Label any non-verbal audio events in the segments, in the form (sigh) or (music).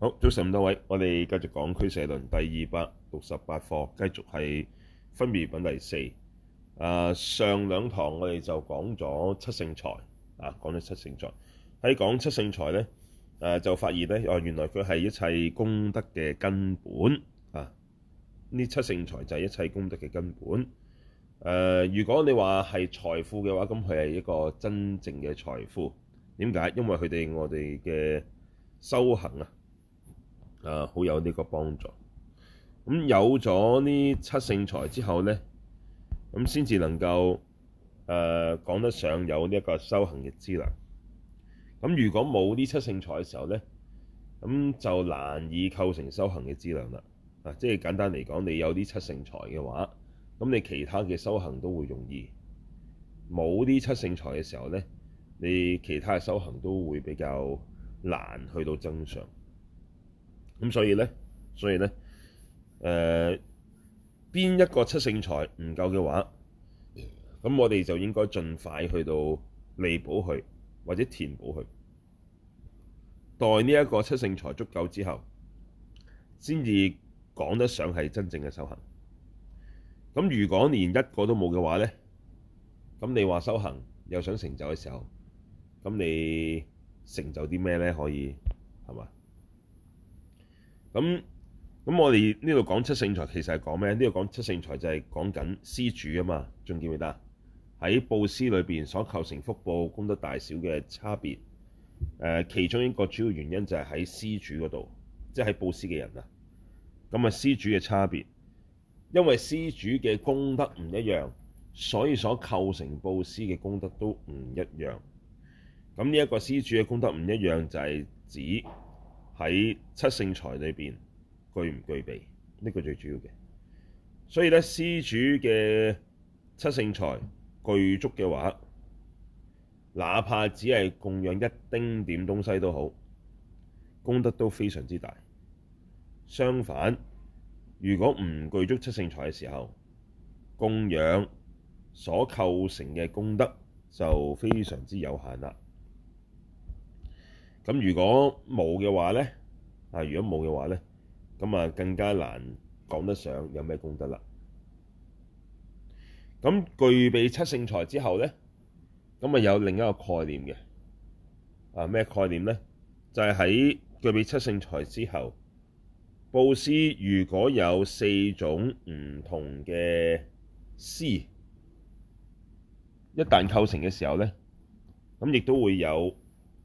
好，早晨，咁多位，我哋繼續講俱舍論第二百六十八課，繼續係分別業品第四。啊，上兩堂我哋就講咗七聖財啊，講咗七聖財喺講七聖財咧，誒就發現咧，哦、啊、原來佢係一切功德嘅根本啊。呢七聖財就係一切功德嘅根本。誒、啊，如果你話係財富嘅話，咁佢係一個真正嘅財富。點解？因為佢哋我哋嘅修行啊。啊，好有呢個幫助。咁有咗呢七聖財之後咧，咁先至能夠誒、呃、講得上有呢一個修行嘅資糧。咁如果冇呢七聖財嘅時候咧，咁就難以構成修行嘅資糧啦。嗱、啊，即係簡單嚟講，你有啲七聖財嘅話，咁你其他嘅修行都會容易；冇啲七聖財嘅時候咧，你其他嘅修行都會比較難去到正常。咁所以咧，所以咧，誒、呃、邊一個七聖財唔夠嘅話，咁我哋就應該盡快去到彌補佢，或者填補佢。待呢一個七聖財足夠之後，先至講得上係真正嘅修行。咁如果連一個都冇嘅話咧，咁你話修行又想成就嘅時候，咁你成就啲咩咧？可以係嘛？咁咁，我哋呢度講七聖財，其實係講咩？呢度講七聖財，就係講緊施主啊嘛，仲記唔記得？喺布施裏邊所構成福報功德大小嘅差別，呃，其中一個主要原因就係喺施主嗰度，即係喺布施嘅人啊。咁啊，施主嘅差別，因為施主嘅功德唔一樣，所以所構成布施嘅功德都唔一樣。咁呢一個施主嘅功德唔一樣，就係指。喺七聖財裏邊，具唔具備，呢個最主要嘅。所以咧，施主嘅七聖財具足嘅話，哪怕只係供養一丁點東西都好，功德都非常之大。相反，如果唔具足七聖財嘅時候，供養所構成嘅功德就非常之有限啦。咁如果冇嘅話咧，啊，如果冇嘅話咧，咁啊更加難講得上有咩功德啦。咁具備七聖財之後咧，咁啊有另一個概念嘅，啊咩概念咧？就係喺具備七聖財之後，布施如果有四種唔同嘅施，一旦構成嘅時候咧，咁亦都會有。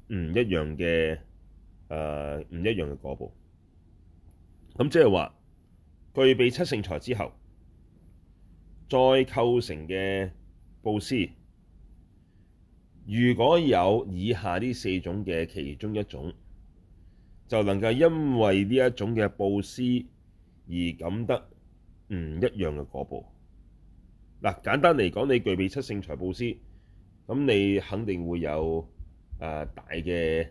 唔一樣嘅誒，唔、呃、一樣嘅果報。咁即係話具備七聖財之後，再構成嘅布施，如果有以下呢四種嘅其中一種，就能夠因為呢一種嘅布施而感得唔一樣嘅果報。嗱，簡單嚟講，你具備七聖財布施，咁你肯定會有。啊！大嘅誒、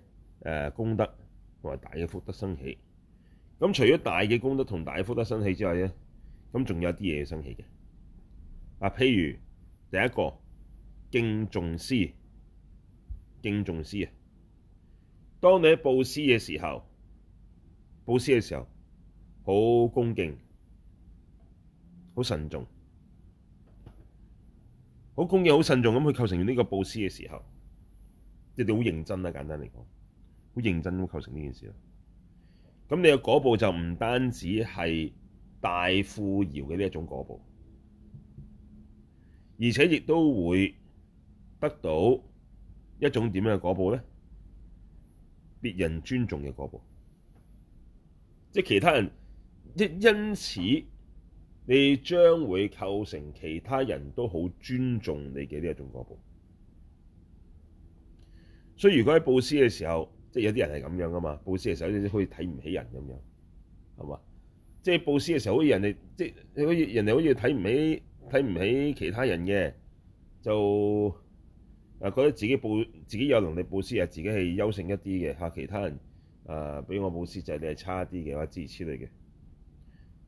啊、功德同埋大嘅福德生起。咁除咗大嘅功德同大嘅福德生起之外咧，咁仲有啲嘢生起嘅。啊，譬如第一個敬重施，敬重施啊！當你喺布施嘅時候，布施嘅時候好恭敬，好慎重，好恭敬、好慎重咁去構成呢個布施嘅時候。即係好認真啦，簡單嚟講，好認真咁構成呢件事咯。咁你嘅果報就唔單止係大富饒嘅呢一種果報，而且亦都會得到一種點樣嘅果報咧？別人尊重嘅果報，即係其他人，即因此你將會構成其他人都好尊重你嘅呢一種果報。所以如果喺布施嘅時候，即係有啲人係咁樣噶嘛，布施嘅時候好似睇唔起人咁樣，係嘛？即係布施嘅時候好，就是、好似人哋即係好似人哋好似睇唔起睇唔起其他人嘅，就啊覺得自己布自己有能力布施啊，自己係優勝一啲嘅嚇，其他人啊畀、呃、我布施就係你係差啲嘅或者諸如此類嘅，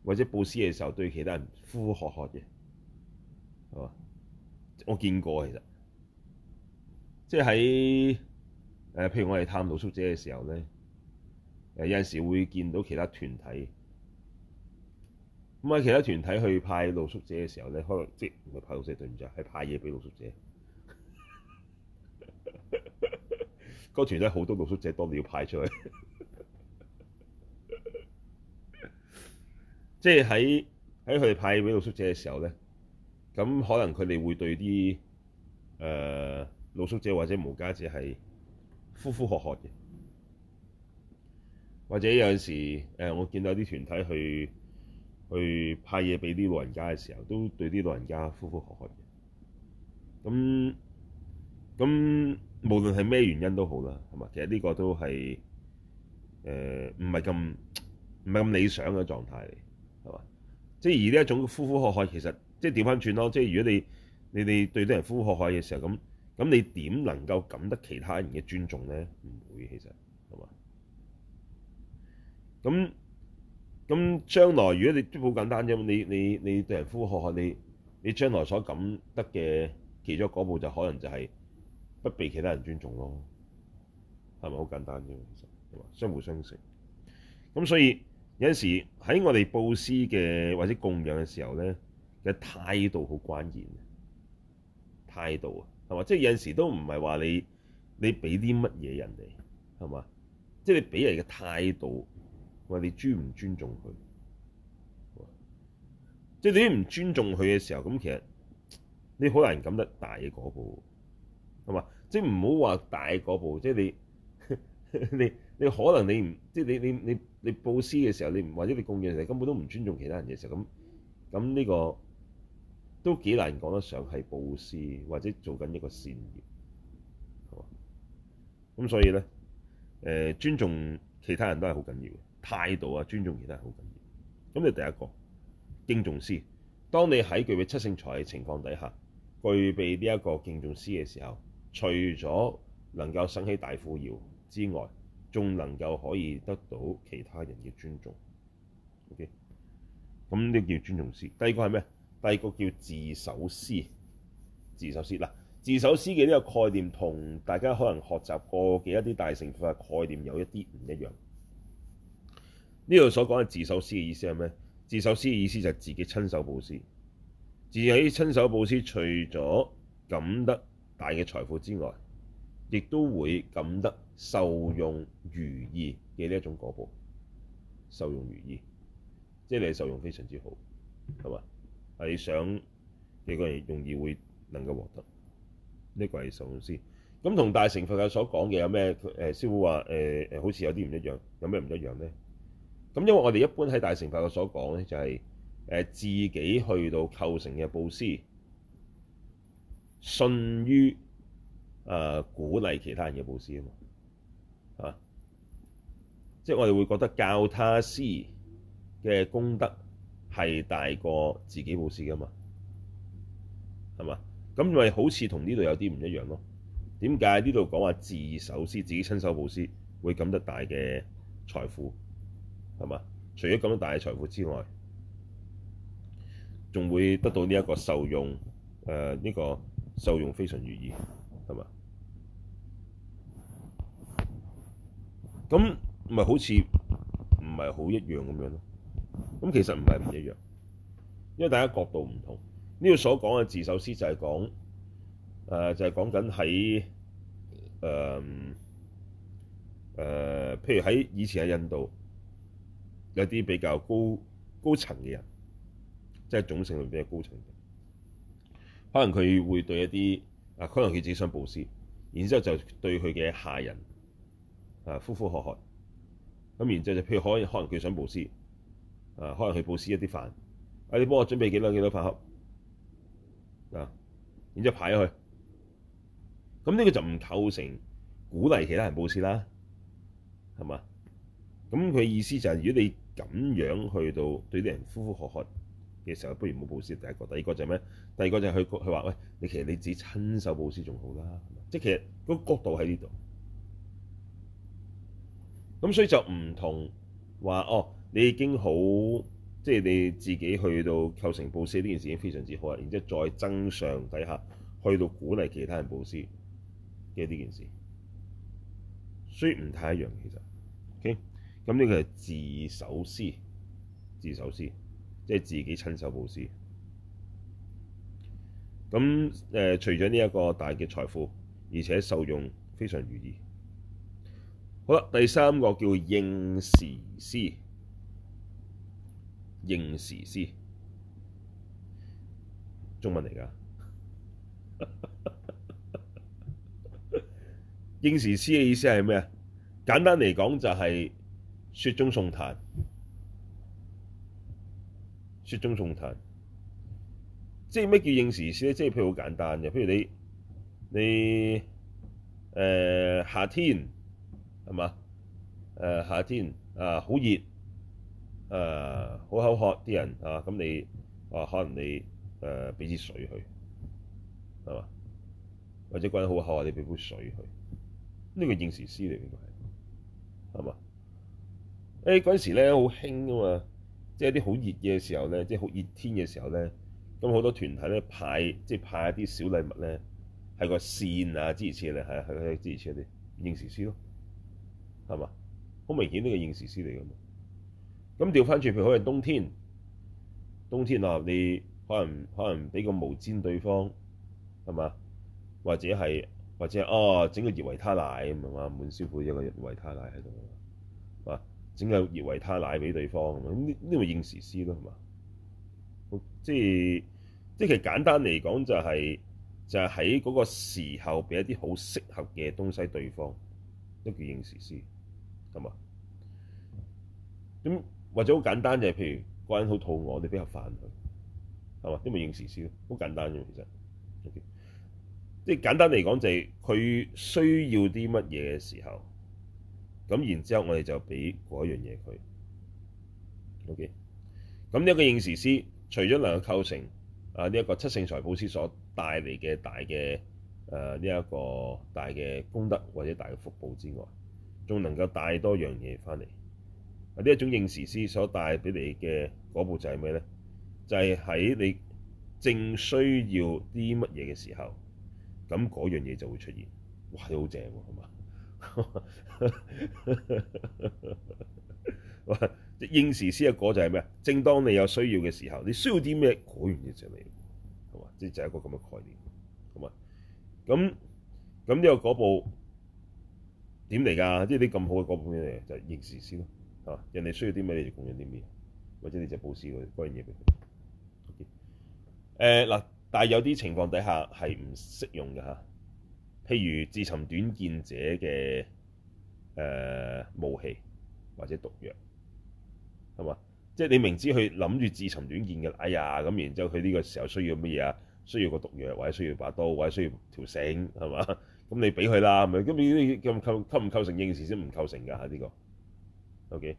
或者布施嘅時候對其他人呼喝喝嘅，係嘛？我見過其實，即係喺。誒，譬如我哋探露宿者嘅時候咧，誒，有陣時會見到其他團體，咁啊其他團體去派露宿者嘅時候咧，可能即唔係派露宿者，對唔住，係派嘢俾露宿者。嗰 (laughs) 個團體好多露宿者，當你要派出去，即係喺喺佢哋派嘢俾露宿者嘅時候咧，咁可能佢哋會對啲誒、呃、露宿者或者無家者係.呼呼喝喝嘅，或者有陣時誒，我見到啲團體去去派嘢俾啲老人家嘅時候，都對啲老人家呼呼喝喝嘅。咁咁無論係咩原因都好啦，係嘛？其實呢個都係誒唔係咁唔係咁理想嘅狀態嚟，係嘛？即係而呢一種呼呼喝喝，其實即係調翻轉咯。即係如果你你哋對啲人呼呼喝喝嘅時候咁。咁你點能夠感得其他人嘅尊重咧？唔會，其實係嘛？咁咁將來如果你都好簡單啫嘛，你你你對人呼喝，你你將來所感得嘅其中嗰步就可能就係不被其他人尊重咯，係咪好簡單啫？其實係嘛，相互相成。咁所以有陣時喺我哋布施嘅或者供養嘅時候咧，嘅態度好關鍵嘅態度啊！係嘛？即係有陣時都唔係話你，你俾啲乜嘢人哋係嘛？即係你俾人嘅態度，話你尊唔尊重佢？即係你唔尊重佢嘅時候，咁其實你好難揀得大嗰步，係嘛？即係唔好話大嗰步，即係你你你，你可能你唔即係你你你你布施嘅時候，你或者你供養嘅時候根本都唔尊重其他人嘅時候，咁咁呢個。都幾難講得上係布施或者做緊一個善業，係嘛？咁所以咧、呃，尊重其他人都係好緊要嘅態度啊，尊重其他人好緊要的。咁就第一個敬重施。當你喺具備七聖財嘅情況底下，具備呢一個敬重施嘅時候，除咗能夠生起大富饒之外，仲能夠可以得到其他人嘅尊重。OK，咁呢叫尊重施。第二個係咩？第二個叫自手施，自手施嗱，自手施嘅呢個概念同大家可能學習過嘅一啲大乘法嘅概念有一啲唔一樣。呢度所講嘅自手施嘅意思係咩？自手施嘅意思就係自己親手布施，自己親手布施，除咗感得大嘅財富之外，亦都會感得受用如意嘅呢一種果報，受用如意，即係你是受用非常之好，係嘛？係想呢個人容易會能夠獲得呢、這個係受司咁，同大乘佛教所講嘅有咩？誒師傅話誒誒，好似有啲唔一樣，有咩唔一樣咧？咁因為我哋一般喺大乘佛教所講咧、就是，就係誒自己去到構成嘅布施，順於誒鼓勵其他人嘅布施啊嘛。啊，即係我哋會覺得教他施嘅功德。係大過自己布施噶嘛，係嘛？咁咪好似同呢度有啲唔一樣咯？點解呢度講話自手施，自己親手布施，會咁得大嘅財富，係嘛？除咗咁得大嘅財富之外，仲會得到呢一個受用，誒、呃、呢、呢個受用非常如意，係嘛？咁咪好似唔係好一樣咁樣咯？咁其實唔係唔一樣，因為大家角度唔同。呢度所講嘅自手施就係講，誒、呃、就係講緊喺誒誒，譬如喺以前喺印度，有啲比較高高層嘅人，即係種姓裏邊嘅高層嘅，可能佢會對一啲啊，可能佢自己想佈施，然之後就對佢嘅下人啊呼呼喝喝，咁然之後就譬如可可能佢想佈施。啊，可能去佈施一啲飯，誒、啊，你幫我準備幾多幾多飯盒啊？然之後排咗去，咁呢個就唔構成鼓勵其他人佈施啦，係嘛？咁佢意思就係，如果你咁樣去到對啲人呼呼喝喝嘅時候，不如冇佈施。第一個，第二個就係咩？第二個就係佢佢話，喂，你其實你自己親手佈施仲好啦，即係其實個角度喺呢度。咁所以就唔同話哦。你已經好，即、就、係、是、你自己去到構成布施呢件事已經非常之好啦。然之後再增上底下去到鼓勵其他人布施嘅呢件事，雖然唔太一樣其實。OK，咁呢個係自手施，自手施即係、就是、自己親手布施。咁誒、呃，除咗呢一個大嘅財富，而且受用非常如意。好啦，第三個叫應時施。應時施，中文嚟㗎。 (laughs) 應時施嘅意思係咩啊？簡單嚟講就係雪中送炭。雪中送炭，即係咩叫應時施咧？即係譬如好簡單嘅，譬如你，你，誒、呃，夏天，係嘛？誒、呃，夏天啊，好熱。誒、啊、好口渴啲人啊，咁你啊可能你誒俾支水去，係嘛？或者覺得好口渴，你俾杯水去。呢、這個應時施嚟嘅係，係嘛？誒嗰陣時咧好興㗎嘛，即係啲好熱嘅時候咧，即係好熱天嘅時候咧，咁、就、好、是、多團體咧派即係、就是、派一啲小禮物咧，係個扇啊之類嘅，係係係，之類嘅啲應時施咯，係嘛？好明顯呢、這個應時施嚟㗎嘛～咁調返轉，譬如可能冬天，冬天嗱你可能可能俾個毛氈對方，係咪？或者係或者係哦，整個熱維他奶，係嘛？滿燒杯一個熱維他奶喺度，係嘛？整個熱維他奶畀對方，呢呢咪應時施咯，係咪？即係即係其實簡單嚟講、就係，就係就係喺嗰個時候畀一啲好適合嘅東西對方，都叫應時施，係咪？咁。或者好簡單就係，譬如個人好肚餓，你俾盒飯佢，係嘛？因為應時施好簡單嘅。其實。即係簡單嚟講，OK? 就係佢需要啲乜嘢嘅時候，咁然之後我哋就俾嗰樣嘢佢。O.K. 咁呢一個應時施，除咗能夠構成啊呢一個七聖財布施所帶嚟嘅大嘅誒呢一個大嘅功德或者大嘅福報之外，仲能夠帶多樣嘢翻嚟。呢一種應時施所帶俾你嘅果報就係咩咧？就係、是、喺你正需要啲乜嘢嘅時候，咁嗰樣嘢就會出現。哇，好正喎，係嘛？哇，即應時施嘅果就係咩啊？正當你有需要嘅時候，你需要啲咩嗰樣嘢就嚟，係嘛？即就係、是、一個咁嘅概念，咁啊，咁咁呢個果報點嚟㗎？即啲咁好嘅果報嚟就係應時施咯。人哋需要啲咩，你就供養啲咩，或者你就佈施嗰樣嘢俾佢。Okay. 誒嗱，但係有啲情況底下係唔適用嘅嚇。譬如自尋短見者嘅誒武器或者毒藥，係嘛？即係你明知佢諗住自尋短見嘅，哎呀咁，然之後佢呢個時候需要乜嘢啊？需要個毒藥或者需要把刀或者需要條繩，係嘛？咁你俾佢啦，咪咁？咁構構唔構成應時先唔構成㗎嚇呢個。O.K. 誒、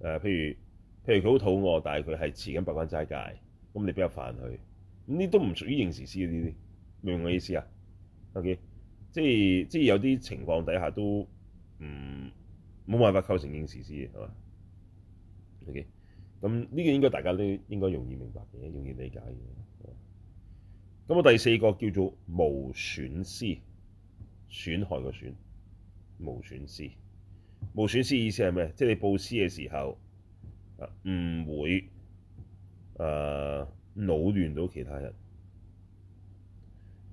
呃，譬如譬如佢好肚餓，但係佢係持緊八關齋戒，咁你比較煩佢？咁呢都唔屬於應時施呢啲，明唔明我意思啊？O.K. 即係即係有啲情況底下都唔冇、嗯、辦法構成應時施嘅，係嘛？O.K. 咁呢個應該大家都應該容易明白嘅，容易理解嘅。咁我第四個叫做無損施，損害個損，無損施。無損施意思係咩？即係你佈施嘅時候，唔會誒擾亂到其他人。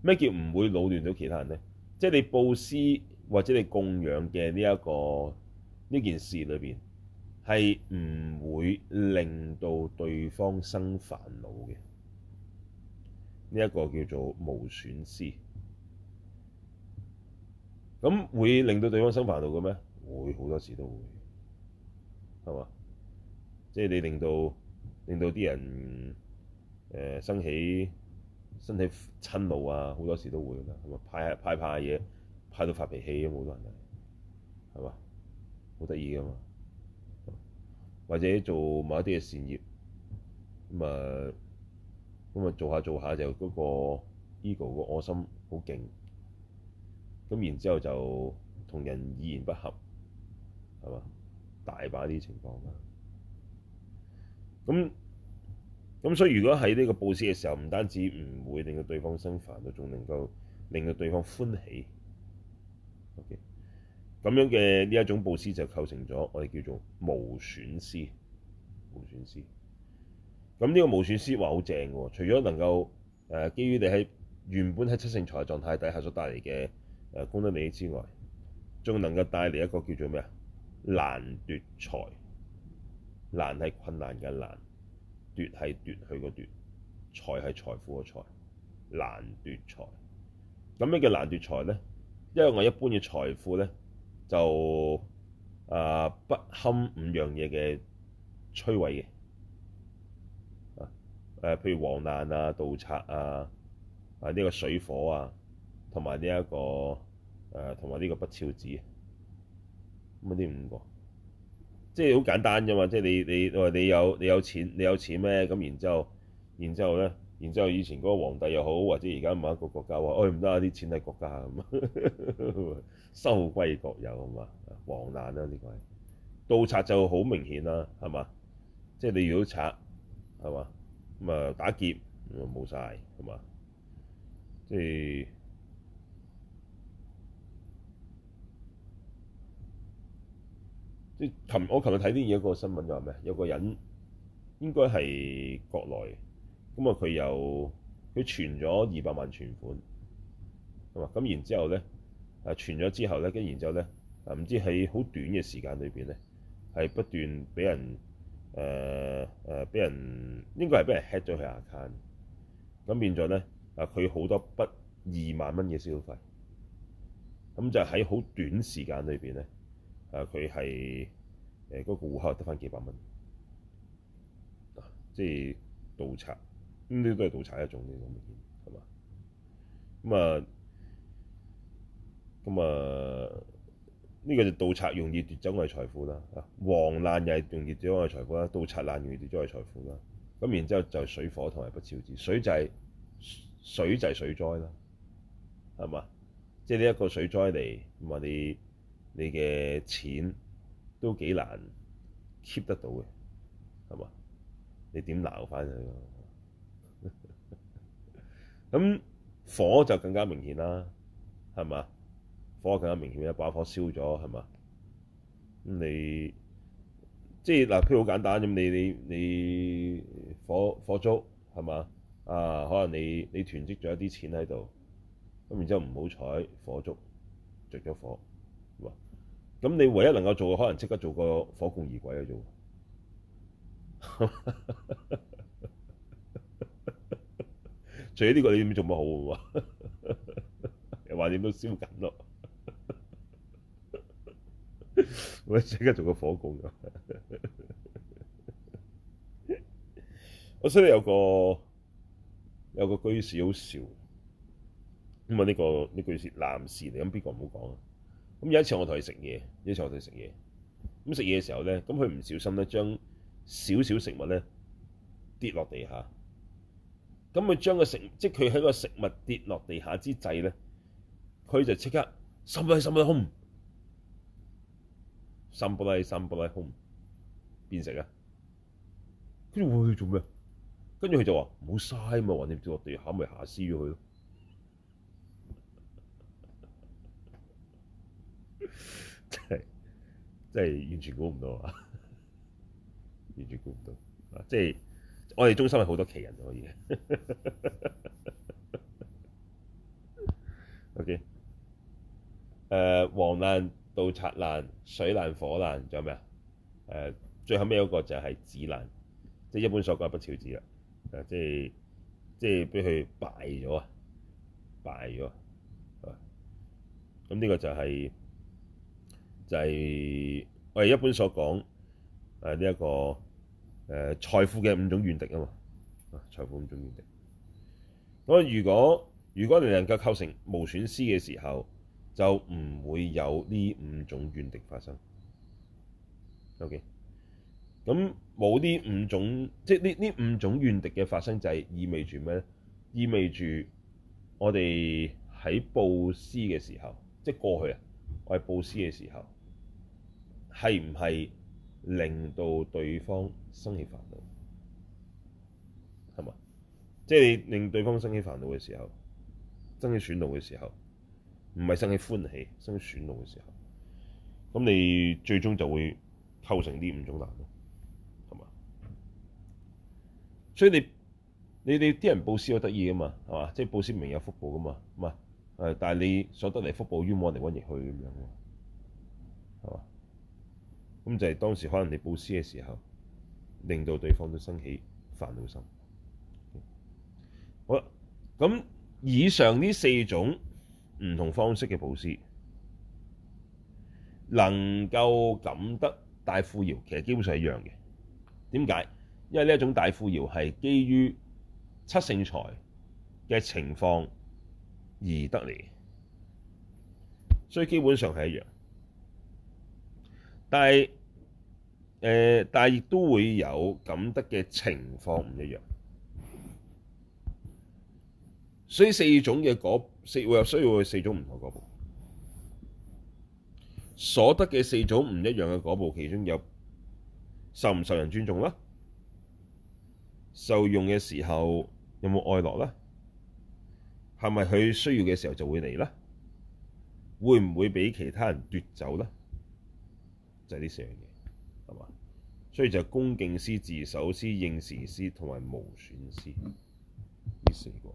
咩叫唔會擾亂到其他人咧？即係你佈施或者你供養嘅呢一個呢件事裏邊係唔會令到對方生煩惱嘅呢一個叫做無損施。咁會令到對方生煩惱嘅咩？會好多時都會係嘛，即係你令到令到啲人誒、呃、生起生起嗔怒啊！好多時都會㗎，係嘛，派下派下嘢派到發脾氣咁，好多人係係嘛好得意㗎嘛，或者做某一啲嘅善業咁啊咁啊，做下做下就嗰個 ego 個我心好勁，咁然之後就同人意言不合。係嘛，大把啲情況啦、啊。咁咁，所以如果喺呢個布施嘅時候，唔單止唔會令到對方生煩，都仲能夠令到對方歡喜。O K，咁樣嘅呢一種布施就構成咗我哋叫做無損施。無損施咁呢個無損施話好正嘅，除咗能夠誒、呃、基於你喺原本喺七聖財狀態底下所帶嚟嘅誒功德利益之外，仲能夠帶嚟一個叫做咩啊？難奪財，難係困難嘅難，奪係奪去個奪，財係財富個財，難奪財。咁咩叫難奪財咧？因為我一般嘅財富咧就啊、呃、不堪五樣嘢嘅摧毀嘅啊誒，譬、呃、如王難啊、盜賊啊啊呢、呢個水火啊，同埋呢一個誒同埋呢個不肖子。咁啲五個，即係好簡單啫嘛！即係你你你有你有錢你有錢咩？咁然之後然之後咧，然之後，後，後以前嗰個皇帝又好，或者而家某一個國家話：，哎唔得啊！啲錢係國家咁，收歸國有係嘛？王難啦、啊、呢、呢個係，盜賊就好明顯啦、啊，係嘛？即係你如果賊係嘛？咁啊打劫咁啊冇晒係嘛？即係。即係琴，我琴日睇啲嘢，一個新聞就話咩，有個人應該係國內，咁啊佢又佢存咗二百萬存款，咁然後呢了之後咧存咗之後咧，跟然之後咧啊唔知喺好短嘅時間裏邊咧，係不斷俾人誒俾、呃呃、人應該係俾人 hack 咗佢 account，咁變咗咧啊佢好多筆二萬蚊嘅消費，咁就喺好短時間裏邊咧。.誒佢係誒嗰個戶口得翻幾百蚊，啊，即係盜賊，呢、嗯、啲都係盜賊一種嚟嘅，係嘛？咁、嗯嗯嗯、啊，咁啊，呢個就盜賊容易奪走我哋財富啦，啊，王難又係容易奪走我哋財富啦，盜賊難容易奪走我哋財富啦，咁、啊、然之後就是水火同埋不肖子，水就係、是、水就係水災啦，係嘛？即係呢一個水災嚟，咁啊啲。你嘅錢都幾難 keep 得到嘅，係嘛？你點鬧翻佢？咁 (laughs) 火就更加明顯啦，係嘛？火更加明顯，一把火燒咗，係嘛？咁你即係嗱，佢好簡單咁，你你你火火燭，係嘛？啊，可能你你囤積咗一啲錢喺度，咁然之後唔好彩火燭着咗火。咁你唯一能夠做嘅，可能即刻做個火供二鬼啊！做， (laughs) 除咗呢、呢個，你點做乜好啊？又話點都燒緊咯， (laughs) 我即刻做個火供。我識得有個有個居士好笑，咁啊呢個呢、呢個、居士男士嚟，咁邊個唔好講啊？咁有一次我同佢食嘢，有一次我同佢食嘢。咁食嘢嘅時候咧，咁佢唔小心咧，將少少食物咧跌落地下。咁佢將個食物，即係佢喺個食物跌落地下之際咧，佢就即刻 sambla sambla home，sambla sambla home，變成啊！跟住會去做咩？跟住佢就話：唔好嘥嘛，你跌落地下咪下屍咗佢咯。即係，即係完全估唔到啊！完全估唔到啊！即係我哋中心係好多奇人可以。好嘅。誒，王難、盜賊難、水難、火難，仲有咩啊？誒、呃，最後尾嗰個就係子難，即係一般所講不肖子啦。誒，即係即係俾佢敗咗啊！敗咗啊！咁、嗯、呢個就係、是。就係、是、我哋一般所講誒呢一個誒、呃、財富嘅五種怨敵啊嘛，啊財富五種怨敵。我如果如果你能夠構成無損施嘅時候，就唔會有呢五種怨敵發生。OK，咁冇呢五種即係呢呢五種怨敵嘅發生，就係意味住咩咧？意味住我哋喺布施嘅時候，即係過去啊，我係布施嘅時候。係唔係令到對方生起煩惱，係嘛？即係令對方生起煩惱嘅、就是、時候，生起損惱嘅時候，唔係生起歡喜、生起損惱嘅時候，咁你最終就會構成呢五種難咯，係嘛？所以你你你啲人布施好得意噶嘛，係嘛？即、就、係、是、布施明有福報噶嘛，咁啊誒，但係你所得嚟福報，冤枉嚟揾逆去咁樣嘅。咁就係當時可能你佈施嘅時候，令到對方都生起煩惱心好。好啦，咁以上呢四種唔同方式嘅佈施，能夠感得大富饒，其實基本上係一樣嘅。點解？因為呢一種大富饒係基於七聖財嘅情況而得嚟，所以基本上係一樣。但係、呃，但係亦都會有感得嘅情況唔一樣，所以四種嘅果，四會有需要嘅四種唔同嘅果報所得嘅四種唔一樣嘅果報，其中有受唔受人尊重啦，受用嘅時候有冇愛樂呢？係咪佢需要嘅時候就會嚟呢？會唔會畀其他人奪走呢？就係、是、呢四樣嘢，係嘛？所以就係恭敬施、自手施、應時施同埋無損施，呢四個。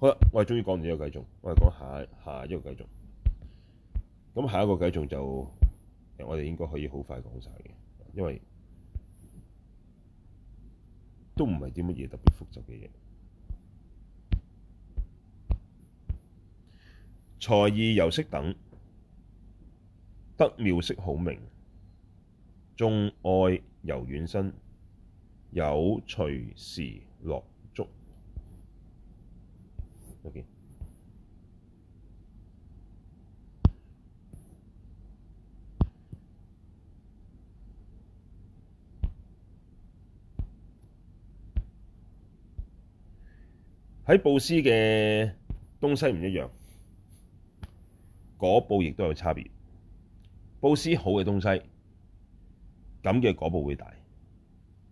好啦，我哋終於講完呢個偈頌，我哋講下下一個偈頌。咁下一個偈頌就我哋應該可以好快講晒嘅，因為都唔係啲乜嘢特別複雜嘅嘢。財異由色等。得妙色好名，眾愛柔軟身，有隨時樂觸。喺布施嘅東西唔一樣，果報亦都有差別。布施好嘅東西，咁嘅果報會大；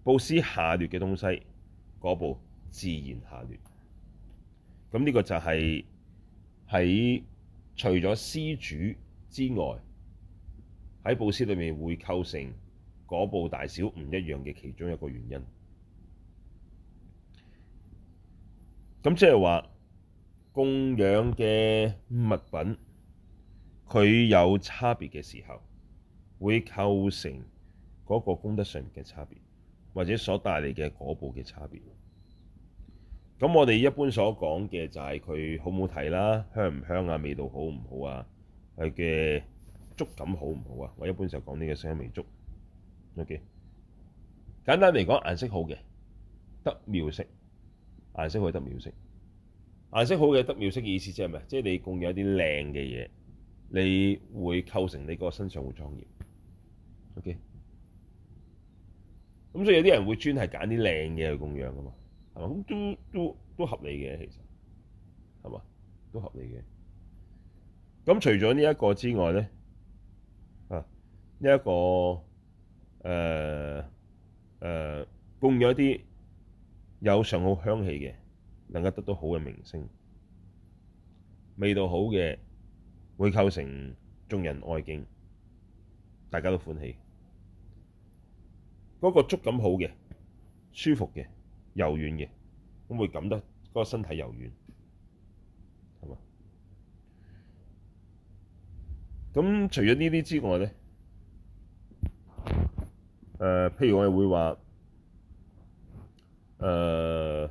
布施下劣嘅東西，果報自然下劣。咁呢個就係喺除咗施主之外，喺布施裏面會構成果報大小唔一樣嘅其中一個原因。咁即係話供養嘅物品。佢有差別嘅時候，會構成嗰個功德上嘅差別，或者所帶嚟嘅果報嘅差別。咁我哋一般所講嘅就係佢好唔好睇啦，香唔香啊，味道好唔好啊，佢嘅觸感好唔好啊。我一般就講呢個色香味觸。OK，簡單嚟講，顏色好嘅得妙色，顏色好嘅得妙色。顏色好嘅得妙色嘅意思即係咩？即係你共有啲靚嘅嘢。你會構成你個身上嘅莊業，OK？咁所以有啲人會專係揀啲靚嘅去供養㗎嘛，係嘛？咁都都都合理嘅，其實係嘛？都合理嘅。咁除咗呢一個之外咧，啊，呢、這、一個誒誒、呃呃、供養一啲有上好香氣嘅，能夠得到好嘅名聲，味道好嘅。會構成眾人愛敬，大家都歡喜。嗰、那個觸感好嘅、舒服嘅、柔軟嘅，咁會感得嗰個身體柔軟？係嘛？咁除咗呢啲之外咧，誒、呃，譬如我哋會話，誒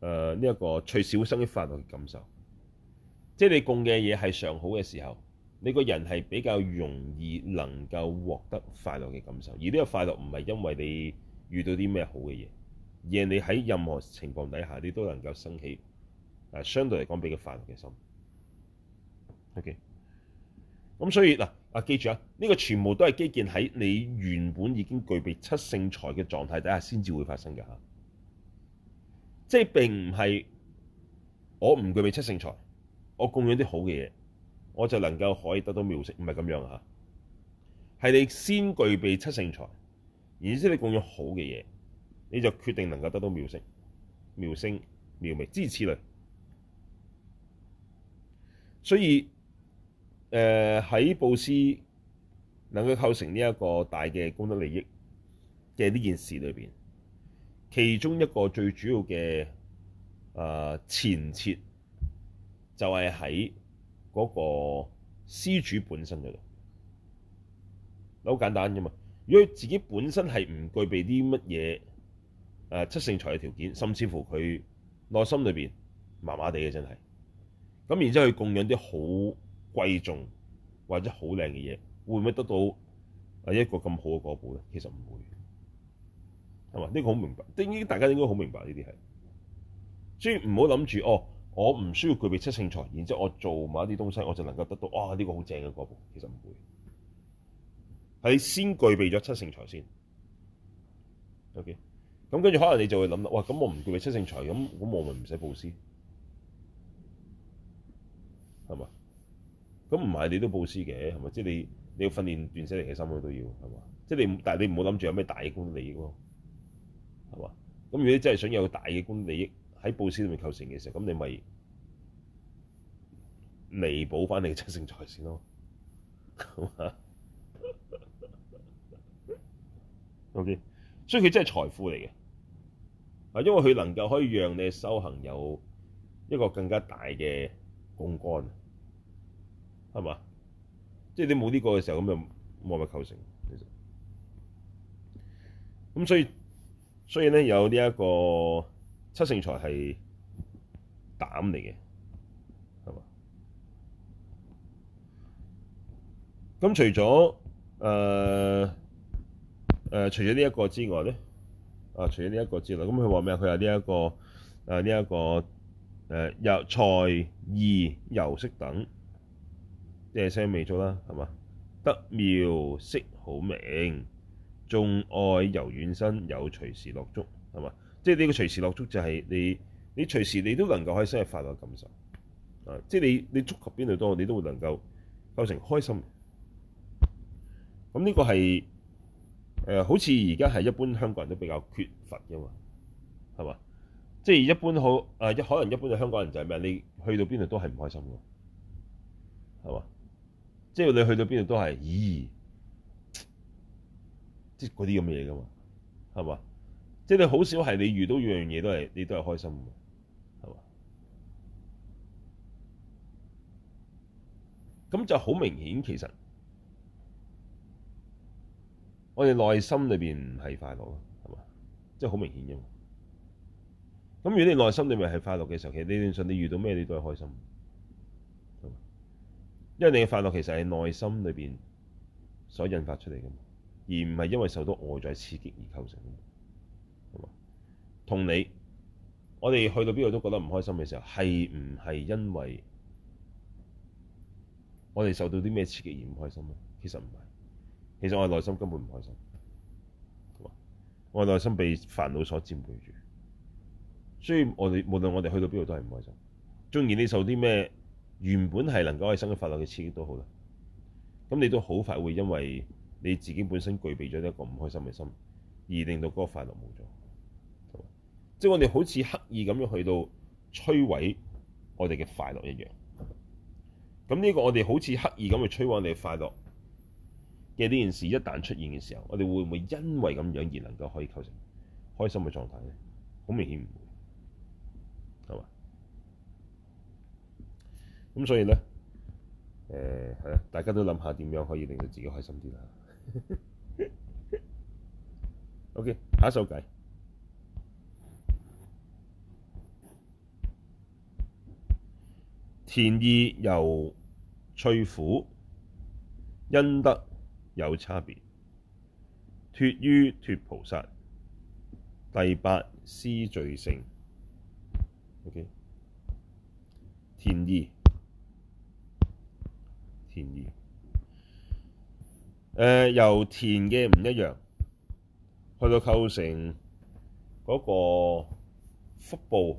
誒呢一個最小生與法律嘅感受。即係你供嘅嘢係上好嘅時候，你個人係比較容易能夠獲得快樂嘅感受，而呢個快樂唔係因為你遇到啲咩好嘅嘢，而係你喺任何情況底下你都能夠生起啊相對嚟講比較快樂嘅心。O.K. 咁所以嗱啊記住啊，呢個全部都係基建喺你原本已經具備七聖財嘅狀態底下先至會發生㗎。即係並唔係我唔具備七聖財。我供養啲好嘅嘢，我就能夠可以得到妙色，唔係咁樣嚇，係你先具備七聖財，然之後你供養好嘅嘢，你就決定能夠得到妙色、妙聲、妙味之類，所以，誒、呃、喺布施能夠構成呢一個大嘅功德利益嘅呢件事裏面，其中一個最主要嘅、呃、前設。就係喺嗰個施主本身度，好簡單啫嘛。如果自己本身係唔具備啲乜嘢誒七聖財嘅條件，甚至乎佢內心裏面麻麻地嘅真係，咁然之後佢供養啲好貴重或者好靚嘅嘢，會唔會得到啊一個咁好嘅果報咧？其實唔會，係嘛？呢個好明白，應大家應該好明白呢啲係，所以唔好諗住哦。我唔需要具備七聖財，然之後我做埋一啲東西，我就能夠得到啊，呢、這個好正嘅嗰步，其實唔會係你先具備咗七聖財先。OK，咁跟住可能你就會諗啦，哇！咁我唔具備七聖財，咁咁我咪唔使布施係嘛？咁唔係你都布施嘅係咪？即係你你要訓練斷捨離嘅心都要係嘛？即係你但係你唔好諗住有咩大官利益喎係嘛？咁如果你真係想有大嘅官利益，喺布施裏面構成嘅時候，咁你咪彌補翻你嘅七聖財先咯。好 (laughs) 嘛？O.K.，所以佢真係財富嚟嘅，啊，因為佢能夠可以讓你修行有一個更加大嘅槓桿，係嘛？即係你冇呢個嘅時候，咁就冇乜構成。其實，咁所以，所以咧有呢一個。七聖財係膽嚟嘅，係嘛？咁除咗誒誒，除咗呢一個之外咧，啊，除咗呢一個之外，咁佢話咩？佢有呢一個誒，呢、呃、一、這個誒、呃，財異由色等，即係聲味足啦，係嘛？得妙色好名，眾愛柔軟身，有隨時樂觸，係嘛？即係呢個隨時落足就係、是、你你隨時你都能夠開心嘅快樂感受啊！即係你你觸及邊度多，你都會能夠構成開心的。咁呢個係誒、呃，好似而家係一般香港人都比較缺乏嘅嘛，係嘛？即係一般好誒、呃，可能一般嘅香港人就係咩？你去到邊度都係唔開心嘅，係嘛？即係你去到邊度都係，咦，即係嗰啲咁嘅嘢嘅嘛，係嘛？即係你好少係你遇到樣嘢都係你都係開心嘅，係嘛？咁就好明顯，其實我哋內心裏邊唔係快樂咯，係嘛？即係好明顯。咁如果你內心裏面係快樂嘅時候，其實你就算你遇到咩，你都係開心，因為你嘅快樂其實係內心裏邊所引發出嚟嘅，而唔係因為受到外在刺激而構成。同你，我哋去到邊度都覺得唔開心嘅時候，係唔係因為我哋受到啲咩刺激而唔開心咧？其實唔係，其實我嘅內心根本唔開心，我嘅內心被煩惱所佔據住，所以我哋無論我哋去到邊度都係唔開心。縱然你受啲咩原本係能夠開心嘅快樂嘅刺激都好啦，咁你都好快會因為你自己本身具備咗一個唔開心嘅心，而令到嗰個快樂冇咗。即係我哋好似刻意咁樣去到摧毀我哋嘅快樂一樣，咁呢個我哋好似刻意咁去摧毀我哋嘅快樂嘅呢件事，一旦出現嘅時候，我哋會唔會因為咁樣而能夠可以構成開心嘅狀態咧？好明顯唔會的，係嘛？咁所以咧，誒係啦，大家都諗下點樣可以令到自己開心啲啦。 (laughs) OK，下一首偈。田異由趣苦恩德有差別，脱於脱菩薩第八施最勝。O.K. 田異，田異，誒、呃，由田嘅唔一樣，去到構成嗰個福報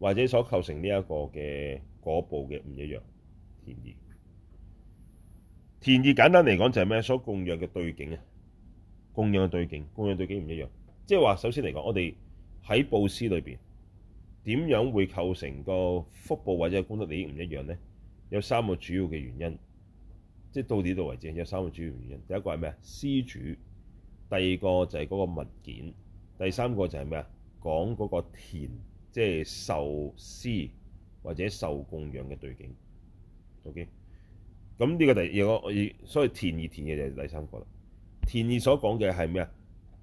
或者所構成呢一個嘅。嗰部嘅唔一樣，田異，田異簡單嚟講就係咩？所供養嘅對境啊，供養嘅對境，供養對境唔一樣。即係話首先嚟講，我哋喺布施裏邊點樣會構成個福報或者功德利益唔一樣咧？有三個主要嘅原因，即係到呢度為止有三個主要原因。第一個係咩啊？施主，第二個就係嗰個物件，第三個就係咩啊？講嗰個田，即係受施。或者受供養嘅對境，OK。咁呢個第二個，所以田異田嘅就係第三個啦。田異所講嘅係咩啊？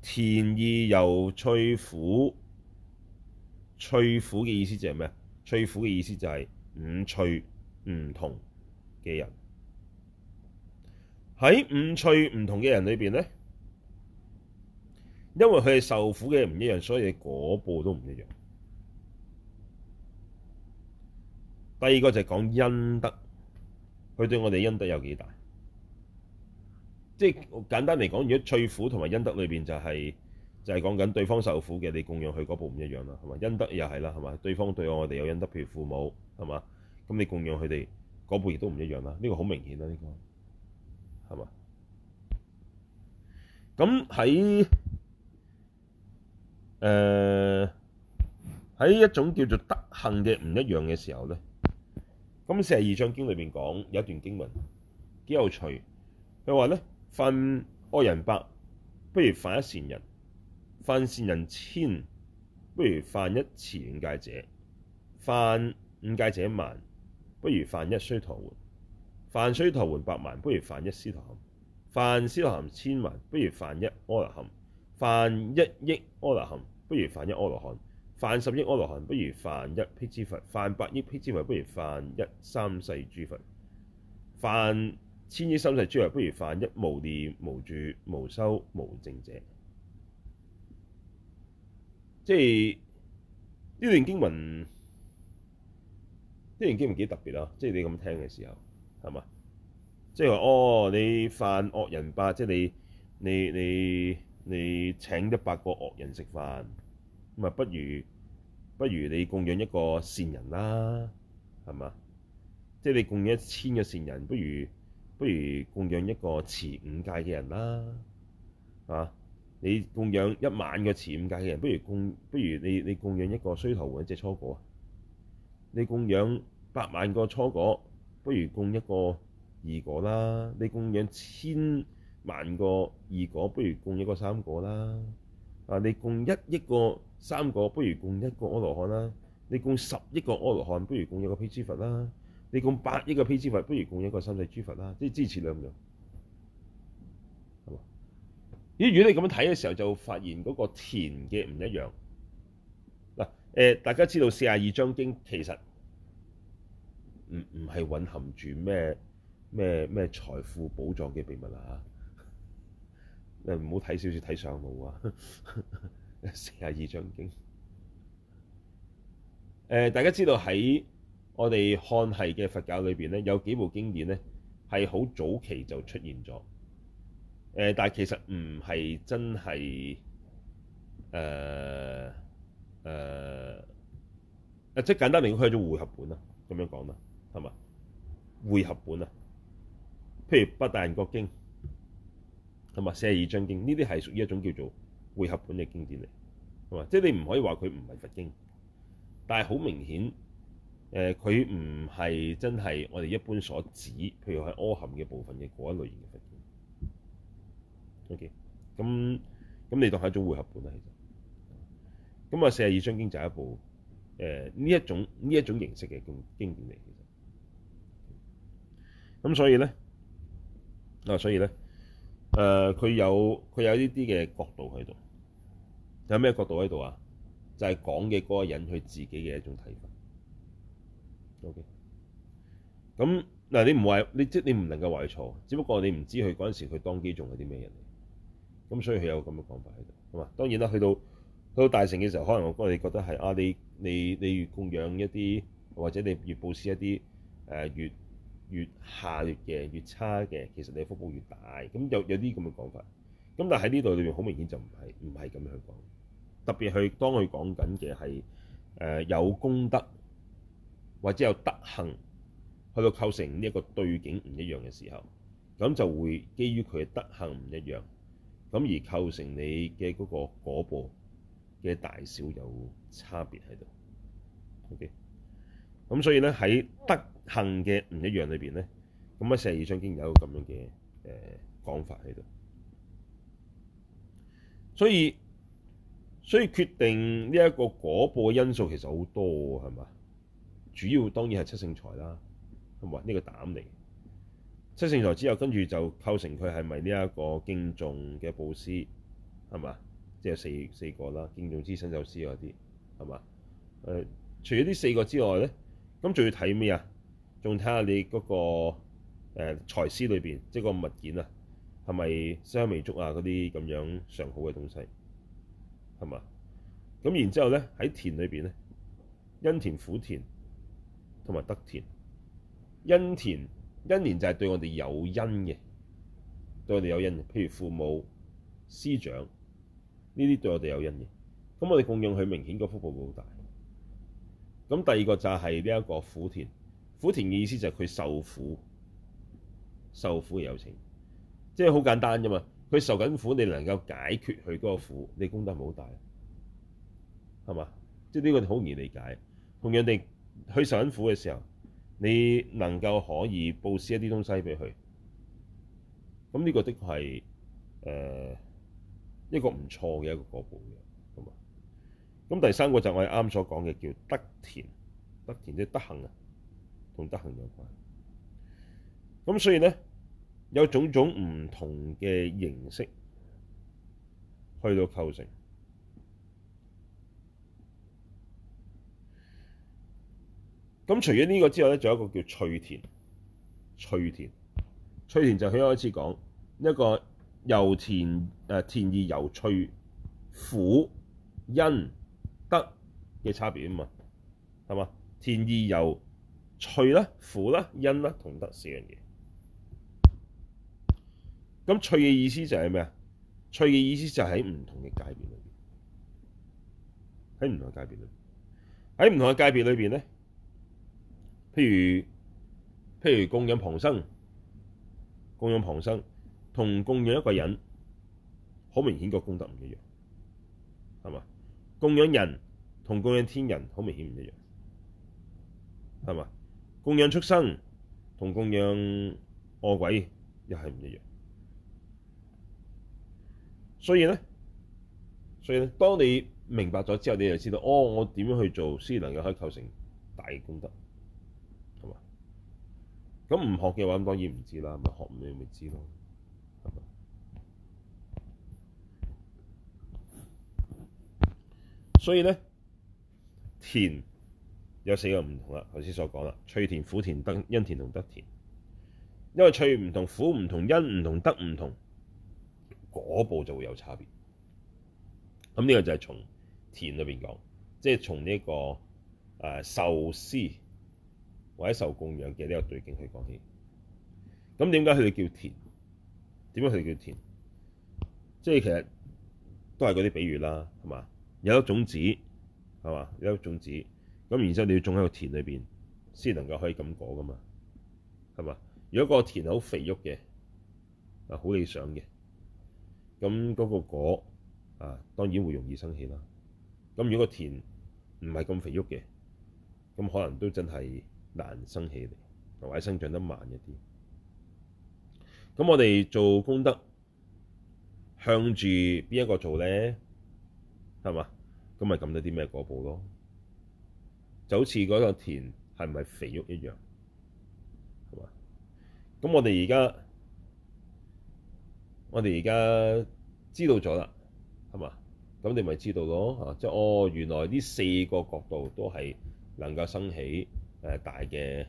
田異由趣苦，趣苦嘅意思就係咩啊？趣苦嘅意思就係五趣唔同嘅人。喺五趣唔同嘅人裏邊咧，因為佢係受苦嘅唔一樣，所以果報都唔一樣。第二個就係講恩德，佢對我哋恩德有幾大？即係簡單嚟講，如果趣苦同埋恩德裏邊就係、是、就係講緊對方受苦嘅，你供養佢果報唔一樣啦，係嘛？恩德又係啦，係嘛？對方對我哋有恩德，譬如父母，係嘛？咁你供養佢哋果報亦都唔一樣啦。呢、這個好明顯啦、啊，呢個係嘛？咁喺誒喺一種叫做德行嘅唔一樣嘅時候咧。咁《四十二章經》裏面講有一段經文幾有趣，佢話咧：飯惡人百，不如飯一善人；飯善人千，不如飯一持五戒者；飯五戒者萬，不如飯一須陀洹；飯須陀洹百萬，不如飯一斯陀含；飯斯陀含千萬，不如飯一阿那含；飯一億阿那含，不如飯一阿羅漢。飯十億阿羅漢，不如飯一辟支佛；飯百億辟支佛，不如飯一三世諸佛；飯千億三世諸佛，不如飯一無念無住無修無證者。即係呢段經文，呢段經文幾特別囉！即係你咁聽嘅時候，係嘛？即係話哦，你飯惡人百，即係你你你你請一百個惡人食飯。不如不如你供養一個善人啦，係嘛？即係你供養一千個善人，不如不如供養一個持五戒嘅人啦，係嘛？啊，你供養一萬個持五戒嘅人，不如供不如你你供養一個須陀洹，即係初果，你供養百萬個初果，不如供一個二果啦！你供養千萬個二果，不如供一個三果啦！啊！你供一億個三個，不如供一個阿羅漢啦；你供十億個阿羅漢，不如供一個辟支佛啦；你供八億個辟支佛，不如供一個三世諸佛啦。即係支持兩樣，係嘛？咦？如果你咁樣睇嘅時候，就發現嗰個田嘅唔一樣。嗱，誒，大家知道四十二章經其實唔唔係隱含住咩咩咩財富寶藏嘅秘密啦。誒，唔好睇少少睇上路啊！呵呵，四十二章經，誒、呃、大家知道喺我哋漢系嘅佛教裏邊咧，有幾部經典咧係好早期就出現咗。誒、呃，但係其實唔係真係誒誒，即係簡單嚟講，佢係種匯合本啊。咁樣講啦，係嘛？匯合本啊，譬如《北大人國經》。同埋四十二章經呢啲係屬於一種叫做匯合本嘅經典嚟，係嘛？即係你唔可以話佢唔係佛經，但係好明顯，誒佢唔係真係我哋一般所指，譬如係阿含嘅部分嘅嗰一類型嘅佛經。OK，咁咁你當係一種匯合本啦，其實。咁啊，四十二章經就係一部誒呢、呃、一種呢一種形式嘅經經典嚟，其實。咁所以咧，嗱、啊，所以咧。誒、呃、佢有佢有呢啲嘅角度喺度，有咩角度喺度啊？就係、是、講嘅嗰個人佢自己嘅一種睇法。OK，咁嗱你唔話，你即係你唔能夠話佢錯，只不過你唔知佢嗰陣時佢當機仲係啲咩人嚟。咁所以佢有咁嘅講法喺度。咁啊，當然啦，去到去到大乘嘅時候，可能我覺得係啊，你你你越供養一啲或者你越布施一啲誒、呃、越。越下劣嘅越差嘅，其實你嘅福報越大。咁有有啲咁嘅講法。咁但係喺呢度裏邊好明顯就唔係唔係咁樣去講。特別去當佢講緊嘅係誒、有功德或者有德行，去到構成呢一個對境唔一樣嘅時候，咁就會基於佢嘅德行唔一樣，咁而構成你嘅嗰個果報嘅大小有差別喺度。O.K. 咁所以咧喺德行嘅唔一樣裏面咧，咁啊，四十二章經有咁樣嘅講法喺度，所以所以決定呢一個果報嘅因素其實好多係嘛？主要當然係七聖財啦，係嘛？呢、這個膽嚟七聖財之後，跟住就構成佢係咪呢一個敬重嘅布施係嘛？即係、就是、四四個啦，敬重自手應時嗰啲係嘛？除咗呢四個之外咧，咁仲要睇咩啊？仲睇下你嗰，那個誒、呃、財施裏邊，即係個物件是不是族啊，係咪香味觸啊嗰啲咁樣上好嘅東西係嘛？咁然之後咧，喺田裏邊咧，恩田、苦田同埋德田。恩田恩年就係對我哋有恩嘅，對我哋有恩嘅，譬如父母師長呢啲對我哋有恩嘅。咁我哋供養佢，明顯個福報好大。咁第二個就係呢一個苦田。苦田嘅意思就係佢受苦，受苦嘅有情，即係好簡單噶嘛。佢受緊苦，你能夠解決佢嗰個苦，你功德係咪好大，係嘛？即係呢個好易理解。同樣地，佢受緊苦嘅時候，你能夠可以布施一啲東西俾佢，咁呢個的確係誒、呃、一個唔錯嘅一個果報嘅咁啊。咁第三個就係我哋啱所講嘅叫德田，德田即係德行啊。同德行有關，咁所以咧有種種唔同嘅形式去到構成。咁除咗呢個之外咧，仲有一個叫趣田。趣田，趣田就起開始講一個由田誒、呃、田異由趣、苦、恩、德嘅差別啊嘛，係嘛？田異由趣啦、啊、苦啦、啊、恩啦、啊、同德四樣嘢。咁趣嘅意思就係咩啊？趣嘅意思就喺唔同嘅界別裏邊，喺唔同嘅界別裏邊，喺唔同嘅界別裏邊咧，譬如譬如供養旁生，供養旁生同供養一個人，好明顯個功德唔一樣，係嘛？供養人同供養天人，好明顯唔一樣，係嘛？供養畜生同供養餓鬼又係唔一樣，所呢，所以咧，所以咧，當你明白咗之後，你就知道，哦，我點樣去做，先能夠可以構成大功德，係嘛？咁唔學嘅話，咁當然唔知啦，咪學咩咪知咯，係嘛？所以咧，田。有四個唔同啦，頭先所講啦，趣田、苦田、恩田德恩田同德田，因為趣唔同、苦唔同、恩、唔同、德、唔同，果報就會有差別。咁呢個就係從田裏邊講，即係從呢個誒受、呃、施或者受供養嘅呢個對境去講起。咁點解佢哋叫田？點解佢哋叫田？即、就、係、是、其實都係嗰啲比喻啦，係嘛？有一種子，係嘛？有一種子。咁然之後你要種喺個田裏面，先能夠可以咁果噶嘛，係嘛？如果個田係好肥沃嘅，啊好理想嘅，咁嗰個果啊當然會容易生起啦。咁如果個田唔係咁肥沃嘅，咁可能都真係難生起嚟，或者生長得慢一啲。咁我哋做功德，向住邊一個做咧？係嘛？咁咪咁得啲咩果報咯？就好似嗰個田係唔係肥沃一樣，係嘛？咁我哋而家，我哋而家知道咗啦，係嘛？咁你咪知道咯，啊！即係哦，原來呢四個角度都係能夠生起誒大嘅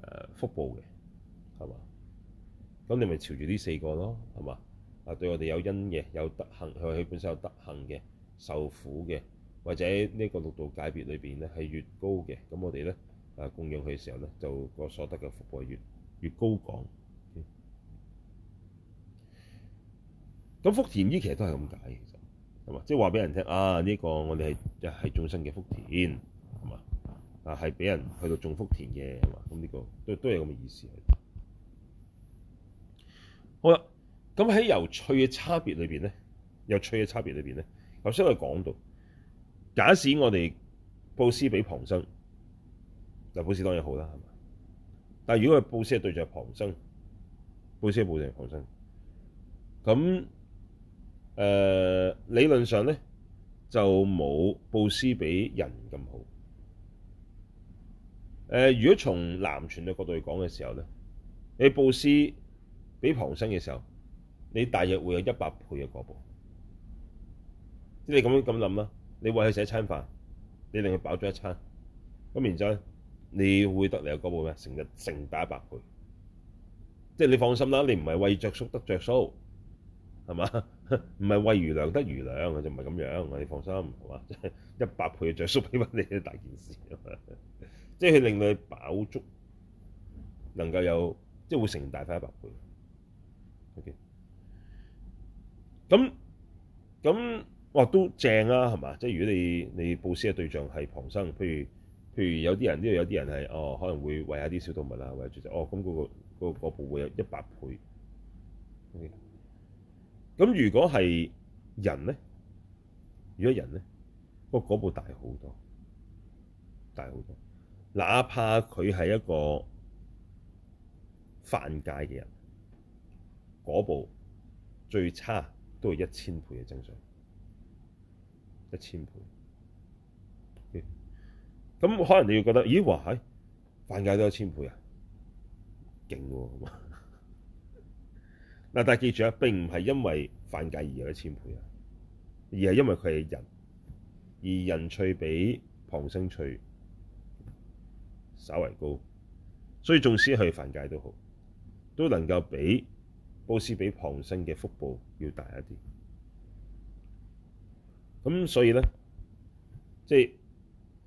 誒福報嘅，係嘛？咁你咪朝住呢四個咯，係嘛？啊，對我哋有恩嘅有德行，佢本身有德行嘅受苦嘅。或者呢個六道界別裏邊咧，係越高嘅，咁我哋咧，啊供養佢嘅時候咧，就個所得嘅福報越越高廣。咁、嗯、福田呢，其實都係咁解，其實係嘛，即係話俾人聽啊。呢、這個我哋係係眾生嘅福田，係嘛啊，係俾人去到種福田嘅係嘛。咁呢、這個都都係咁嘅意思。好啦，咁喺由趣嘅差別裏邊咧，有趣嘅差別裏邊咧，頭先我哋講到。假使我哋布施俾傍生，就布施當然好啦，係嘛？但係如果係布施對著傍生，布施對象傍生，咁誒、呃、理論上咧就冇布施俾人咁好。誒、呃，如果從南傳嘅角度嚟講嘅時候咧，你布施俾傍生嘅時候，你大約會有一百倍嘅果報，即係你咁樣咁諗啦。你餵佢食一餐飯，你令佢飽咗一餐，咁然之後你會得你有個咩？成日成， (laughs) 成大一百倍，即係你放心啦，你唔係為着數得着數，係嘛？唔係為餘糧得餘糧，就唔係咁樣。你放心係嘛？即係一百倍着數俾返，你嘅大件事，即係令佢飽足，能夠有即係會成大翻一百倍。OK，咁咁。哇、哦，都正啊，係嘛？即係如果你你布施嘅對象係傍生，譬如譬如有啲人，呢度有啲人係哦，可能會喂下啲小動物啊，喂住就哦，咁、那、嗰、個那個那個報會有一百倍。咁、OK? 如果係人咧，如果人咧，嗰、那個、報大好多，大好多，哪怕佢係一個犯戒嘅人，嗰、那個、報最差都係一千倍嘅增長。一千倍，咁、okay. 可能你要覺得，咦，話係犯戒都有千倍害啊，勁喎！嗱，但係記住啊，並唔係因為犯戒而有一千倍啊，而係因為佢係人，而人趣比傍生趣稍為高，所以縱使去犯戒都好，都能夠比布施比傍生嘅福報要大一啲。咁所以咧，即係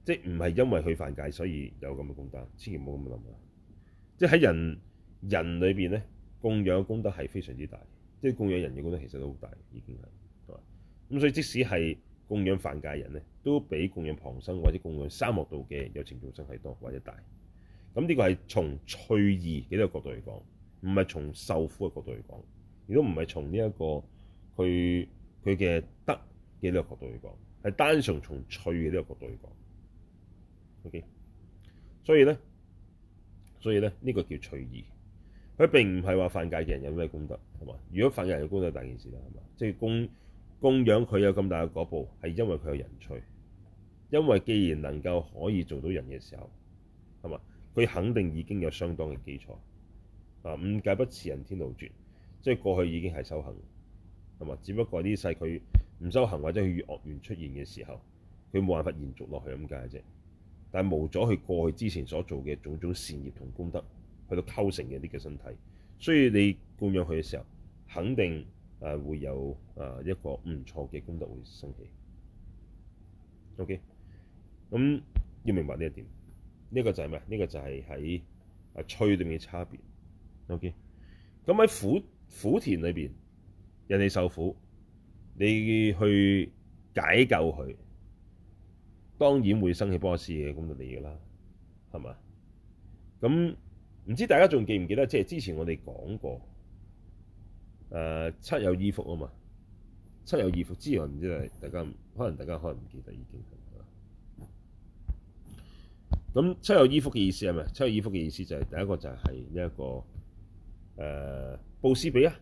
即係唔係因為佢犯戒，所以有咁嘅功德。千祈唔好咁嘅諗啦。即係喺人人裏邊咧，供養嘅功德係非常之大。即係供養人嘅功德其實都好大，已經係啊。咁所以即使係供養犯戒人咧，都比供養旁生或者供養沙漠道嘅有情眾生係多或者大。咁呢個係從趣異幾個角度嚟講，唔係從受苦嘅角度嚟講，亦都唔係從呢、這、一個佢佢嘅德。嘅呢個角度去講，係單純從趣嘅呢個角度去講。OK，所以咧，所以咧，呢、這個叫趣異。佢並唔係話犯戒嘅人有咩功德，係嘛？如果犯戒人嘅功德大件事咧，係嘛？即、就、係、是、供供養佢有咁大嘅果報，係因為佢有人趣。因為既然能夠可以做到人嘅時候，係嘛？佢肯定已經有相當嘅基礎。啊，五戒不持人天道絕，即、就、係、是、過去已經係修行，係嘛？只不過呢世佢。唔修行或者去越惡緣出現嘅時候，佢冇辦法延續落去咁解啫。但係冇咗佢過去之前所做嘅種種善業同功德，去到構成嘅呢個身體，所以你供養佢嘅時候，肯定誒、呃、會有誒、呃、一個唔錯嘅功德會升起。OK，咁要明白呢一點，呢、這個就係咩？呢、這個就係喺阿趣裏面嘅差別。OK，咁喺苦苦田裏邊，人哋受苦。你去解救佢，當然會生起波斯嘅咁嘅你噶啦，係嘛？咁唔知大家仲記唔記得？即係之前我哋講過，誒七有依福啊嘛，七有依福，依福之前唔知大家，大家可能大家可能唔記得已經咁，七有依福嘅意思係咩？七有依福嘅意、意思就係、是、第一個就係呢一個誒、呃、布施畀啊，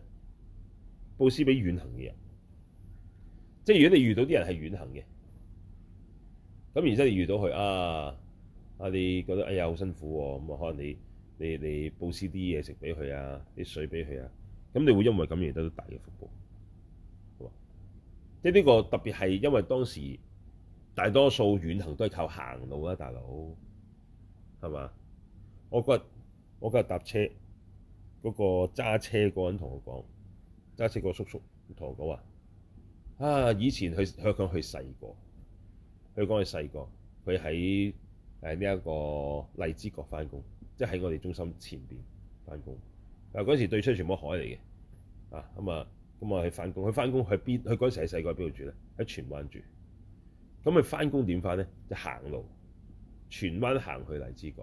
布施畀遠行嘅人。即係如果你遇到啲人係遠行嘅，咁然後你遇到佢啊，啊你覺得哎呀好辛苦喎，咁啊可能你你你布施啲嘢食俾佢啊，啲水俾佢啊，咁你會因為咁而得到大嘅福報。即係呢個特別係因為當時大多數遠行都係靠行路啊，大佬係嘛？我今日我今日搭車嗰個揸車嗰個人同我講，揸車個叔叔同我講話。啊！以前去香港去細個，佢講佢細個，佢喺誒呢一個荔枝角翻工，即係喺我哋中心前邊翻工。嗱嗰時候對出的全部海嚟嘅，啊咁啊咁啊去翻工。佢翻工喺邊？佢嗰陣時係細個喺邊度住咧？喺荃灣住。咁佢翻工點翻咧？就是、行路，荃灣行去荔枝角。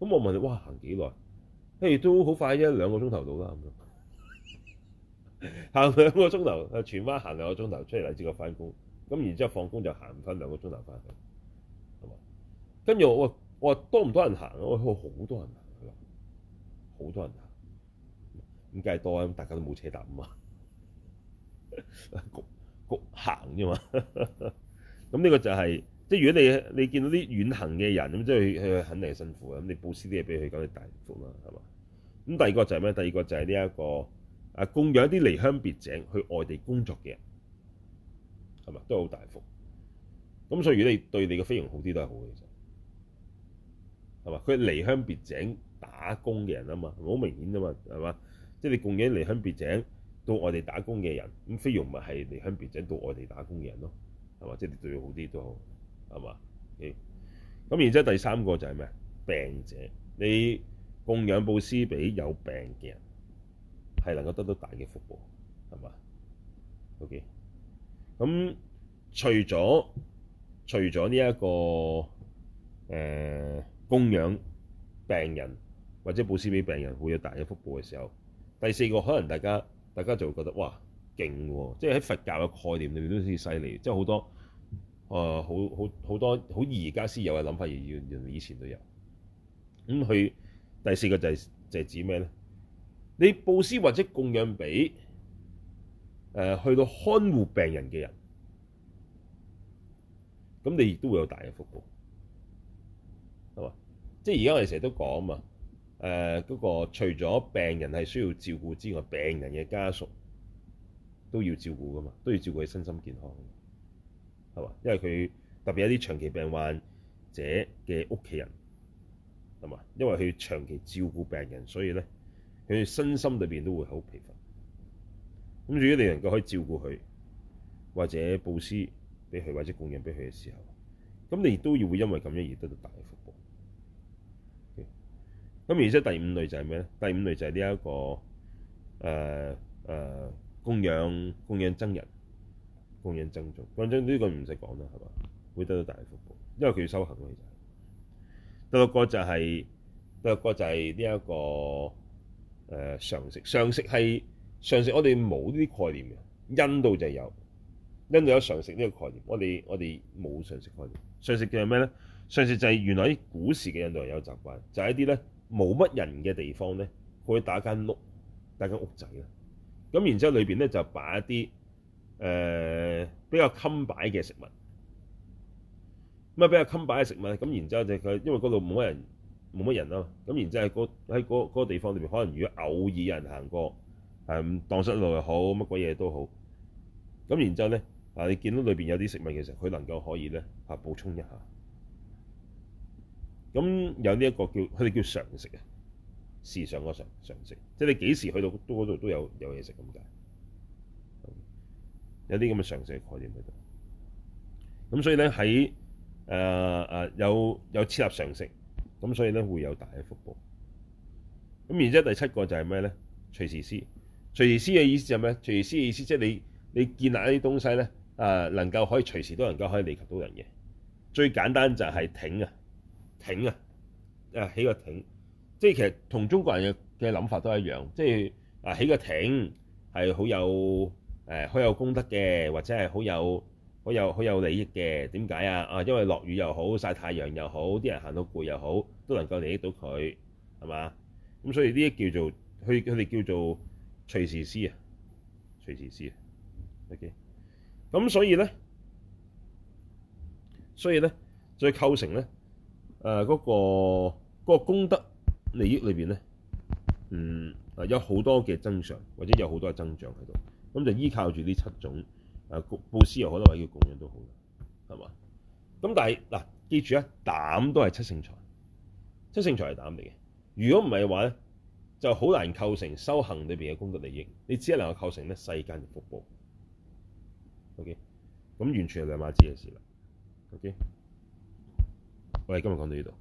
咁我問你，哇，行幾耐？誒，都好快，一兩個鐘頭到啦咁樣。行兩個鐘頭，荃灣行兩個鐘頭出嚟，接個翻工，咁然之後放工就行翻兩個鐘頭翻去，係嘛？跟住我我話多唔多人行？我話好多人行，佢話好多人行，咁梗係多啊！多大家都冇車搭啊嘛，焗焗行啫嘛。咁呢個就係、是，即係如果你你見到啲遠行嘅人咁，即係佢肯定係辛苦，咁你布施啲嘢俾佢，咁佢大福啦，係嘛？咁第二個就係、是、咩？第二個就係呢一個。啊，供養啲離鄉別井去外地工作嘅人，係嘛，都好大福。咁所以你對你嘅菲傭好啲都係好嘅，其實係嘛？佢離鄉別井打工嘅人啊嘛，好明顯啊嘛，係嘛？即、就、係、是、你供養離鄉，離鄉別井到外地打工嘅人，咁菲傭咪係離鄉別井到外地打工嘅人咯，係嘛？即係對佢好啲都好，係嘛？咁、okay? 然之後第三個就係咩病者，你供養布施俾有病嘅人。係能夠得到大嘅福報，係嘛？OK。咁除咗除咗呢一個、呃、供養病人或者布施俾病人，會有大嘅福報嘅時候，第四個可能大家大家就會覺得哇勁喎！即係喺佛教嘅概念裏面都好犀利，即係好多，誒，好好好多好而家先有嘅諗法，而原來以前都有。咁佢第四個就係就係指咩咧？你佈施或者供養俾誒去到看護病人嘅人，咁你亦都會有大嘅福報，係嘛？即係而家我哋成日都講啊嘛，誒、那、嗰個除咗病人係需要照顧之外，病人嘅家屬都要照顧噶嘛，都要照顧佢身心健康，係嘛？因為佢特別有啲長期病患者嘅屋企人，係嘛？因為佢長期照顧病人，所以咧。佢身心裏邊都會好疲乏，咁如果你能夠可以照顧佢，或者佈施俾佢，或者供養俾佢嘅時候，咁你亦都要會因為咁樣而得到大福報。咁、okay? 而即第五類就係咩咧？第五類就係呢一個誒誒、呃呃、供養供養僧人、供養僧眾。講真呢個唔使講啦，係嘛，會得到大福報，因為佢要修行。其實就係第六個，就係第六個，就係呢一個。誒、呃、常食，常食係常食，我哋冇呢啲概念嘅。印度就有，印度有常食呢個概念。我哋我哋冇常食概念。常食嘅係咩咧？常食就係原來古時嘅印度人有習慣，就係、是、一啲咧冇乜人嘅地方咧，佢打間屋、打間屋仔啦。咁然之後裏邊咧就擺一啲誒、呃、比較襟擺嘅食物。咁啊比較襟擺嘅食物，咁然之後就佢因為嗰度冇乜人。冇乜人咯，咁然之後喺嗰個地方裏邊，可能如果偶爾有人行過，誒蕩失路又好，乜鬼嘢都好，咁然之後咧，啊你見到裏邊有啲食物嘅時候，佢能夠可以咧嚇補充一下，咁有呢一個叫佢哋叫常食啊，時常常常食，即係你幾時去到都嗰度都，都，都，都有有嘢食咁解，有啲咁嘅常食，食概念喺度。咁所以咧喺誒誒有有設立常食。咁所以咧會有大嘅福報。咁然之後第七個就係咩咧？隨時施，隨時施嘅意思係咩？隨時施嘅意思即係你你建立一啲東西咧、呃，能夠可以隨時都能夠可以利及到人嘅。最簡單就係亭啊，亭啊，起個亭，即係其實同中國人嘅嘅諗法都一樣，即係啊起個亭係好有誒好、呃、有功德嘅，或者係好有。好有好有利益嘅，點解啊？啊，因為落雨又好，曬太陽又好，啲人行到攰又好，都能夠利益到佢，係嘛？咁所以呢啲叫做佢佢哋叫做隨時施啊，隨時施啊，OK。咁所以咧，所以咧，在構成咧誒嗰個嗰個功德利益裏邊咧，嗯，有好多嘅增長，或者有好多嘅增長喺度，咁就依靠住呢七種。啊，布施又好，或者要供養都好，係嘛？咁但係嗱，記住啊，膽都係七聖財，七聖財係膽嚟嘅。如果唔係話咧，就好難構成修行裏邊嘅功德利益。你只能夠構成咧世間嘅福報。OK，咁完全係兩碼子嘅事啦。OK，我哋今日講到呢度。